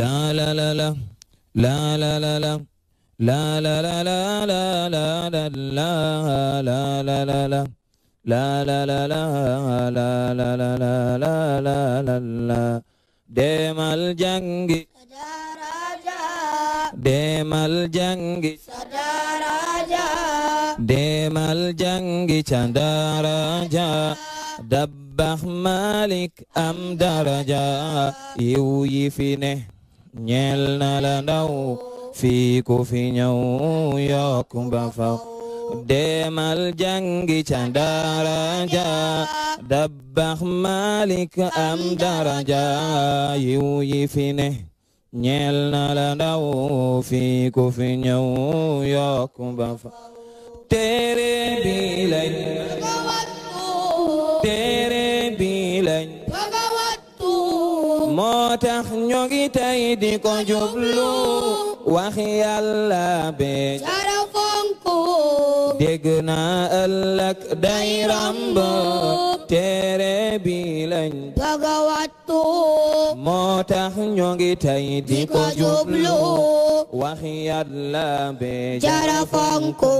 لا لا لا لا لا لا لا لا لا لا لا لا لا لا لا لا لا لا la la la la la la la la la la la la demal jàngi sadaraja demal jàngi sadaraja demal jàngi sadaraja dabbax malik am daraja yiw yi fi ne ñeel na la ndaw fii ku fi ñëw yokk ba demal jàngi ca daraja dabbax malik am daraja yiw yi ne ñeel na la ndaw fii ku fi ñëw yokk ba ngi tey di ko jublu wax yàlla na ëllëg day ramb téere bi lañ bëgga wattu moo tax ñoo ngi tey ko jublu wax yàlla be jara fonku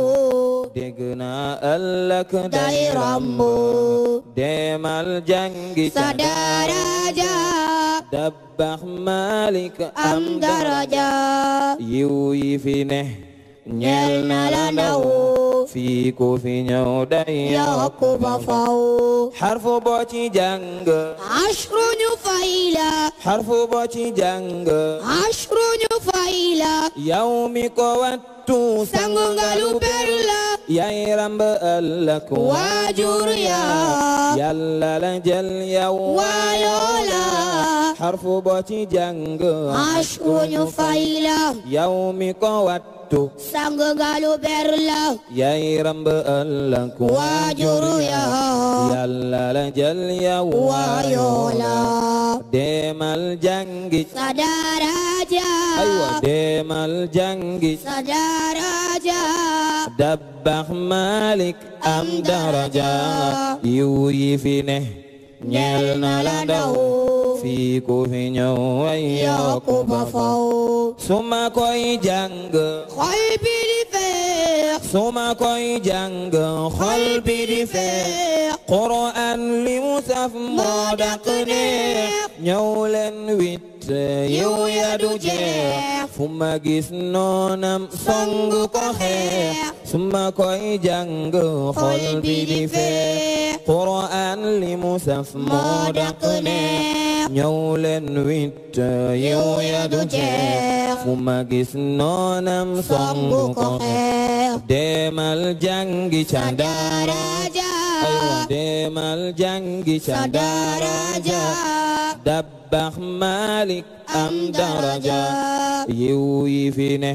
dégg na ëllëg day ramb demal jàngi sa daraja dabbax malik am daraja yiw yi fi ne ñeel na la ndaw fii ku fi ñëw day yokku ba faw xarfu boo ci jàng ashru ñu fay la xarfu boo ci jàng ashru ñu fay la yow mi ko wat wattu sangu nga lu per la yay ramb ëllëg waajur ya yàlla la jël yow waayoo la xarfu boo ci jàng ashku ñu fay la yow mi ko wattu sangu nga lu per la yay ramb ëllëg waajur ya yàlla la jël yow waayoo la demal jàngi sa daara ja aywa demal jàngi sa daara ja dabbax malik am daraja yiw yi fi ne ñeel na la ndaw fii ku fi ñëw way yokku ba faw suma koy jàng xoy bi suma koy jàng xol bi di fee Qur'an li mu saf moo dàq neex ñëw leen wit yiw ya du jeex fu ma gis noonam song ko xeex summa koy jàng xol bi di fee quraan li mu saf moo neex ñëw leen wit yow du jeex fu ma noonam songu ko xeex demal jàngi ca daara ja demal jàngi ca daara dabbax malik am daraja yiw yi fi ne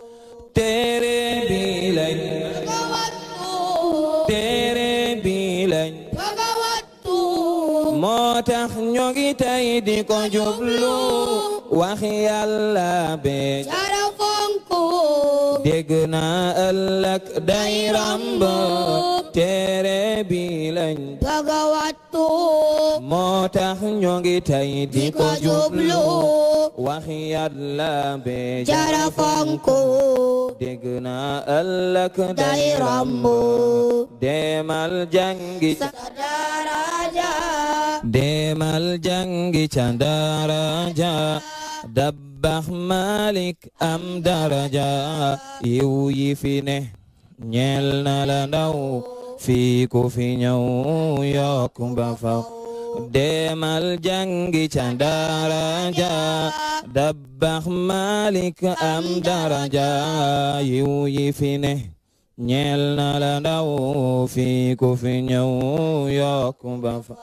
téere bi lañ téere moo tax ñoo ngi tey di ko jublu wax yàlla be dégg naa ëllëg day ramb téere bi lañ moo tax ñoo ngi ko jublu waxiyat la be fonku dégg na ëllëg day romb demal jàngi daraja demal jàngi daraja dabbax malik am daraja yiw yi fi ne ñeel fi ñëw yokk demal jàngi daraja dabbax malik am daraja yiw yi fi la ndaw fi ku fi ñëw yokk ba fa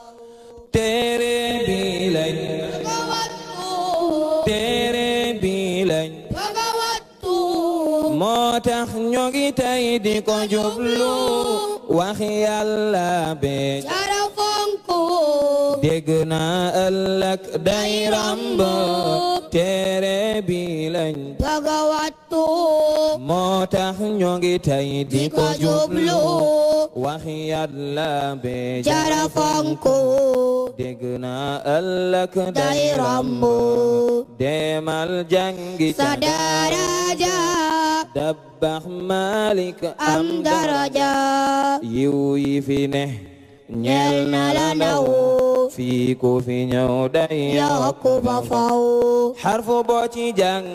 di ko jublu wax yàlla be dégg naa ëllëg day rambo tere bi lañ moo tax ñoo ngi ko jublu wax yàlla be jara fonko dégg naa ëllëg day demal jàngi sa daraja dabbax malik am daraja yiw yi fi ne fii ku fi ñëw day yokku ba faw xarfu boo ci jàng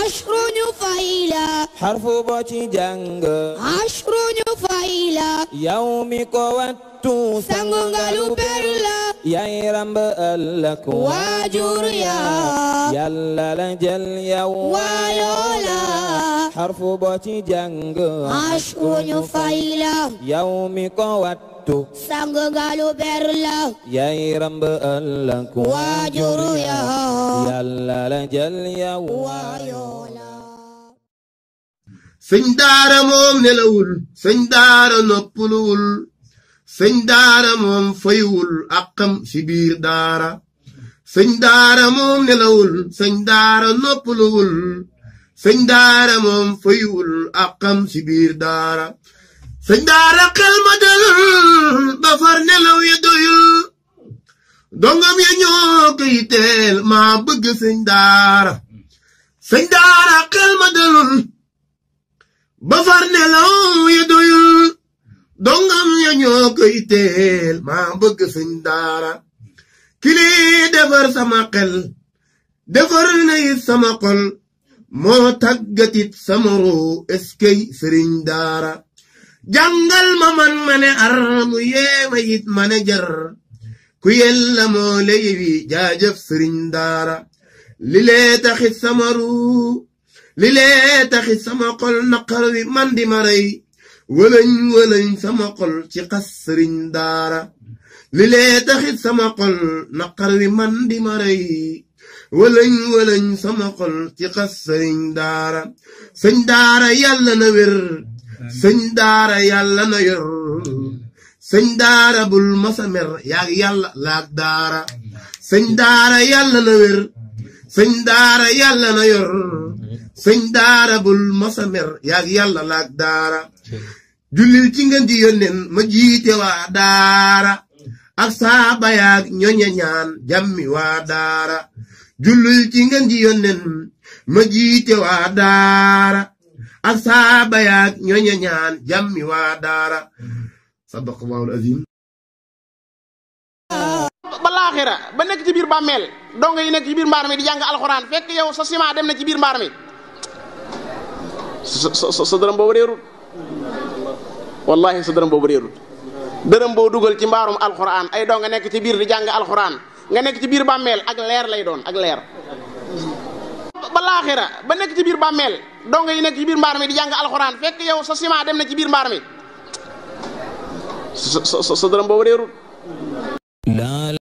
ashru ñu fay la xarfu boo ci jàng ashru ñu fay la yow mi ko wattu sangu nga lu per la yaay ramb ëllëg waajur yaa yàlla la jël yow waayoo la xarfu boo ci jàng ashru ñu fay la yow mi ko wattu wattu sang galu sëñ daara moom nelawul sëñ daara noppaluwul sëñ daara moom fayuwul àqam si biir daara sëñ daara moom nelawul sëñ daara noppaluwul biir daara sëñ daara xel ma dal ba far nelaw ya doyul dongam ya ñoo koy teel maa bëgg sëñ daara sëñ daara xel ma dalul ba far nelaw ya doyul dongam ya ñoo koy teel maa bëgg sëñ daara kili defar sama xel defar na it sama xol moo tàggatit sama ruu eskey sëriñ daara jàngal ma man ma ne ar mu yeewa it ma ne jar ku yella moo léyewi jaajëf sëriñ daara li taxit sama ruu taxit sama xol naqar wi man di ma rey ci xas sëriñ daara li lee taxit sama xol naqar wi man di ma rey ci xas sëriñ daara sëñ daara yàlla na wér sëñ daara yàlla na yor sëñ daara bul masa mer yaag yàlla laag daara sëñ daara yàlla na wér sëñ daara yàlla na yor sëñ daara bul masa mer yaag yàlla laag daara jullil ci ngeen di yónneen ma jiite waa daara ak saaba yaag ñoña ñaan jàmmi waa daara jullil ci ngeen di yónneen ma waa daara ak saaba yaag ñooña ñaan waa daara sadaqallaahu al-aziim ba ba nekk ci biir bàmmeel dongo yi nekk ci biir mbaar mi di jàng alxuraan fekk yow sa ciment dem na ci biir mbaar mi sa boobu réerul wallahi sa dërëm boobu réerul dërëm boo dugal ci mbaarum alxuraan ay doo nekk ci biir di jàng alxuraan nga nekk ci biir bàmmeel ak leer lay doon ak leer ba ba nekk ci biir bàmmeel dong yi nekk ci biir mbaar mi di jàng alxuraan fekk yow sa ciment dem na ci biir mbaar mi sa sa sa dërëm boobu réerul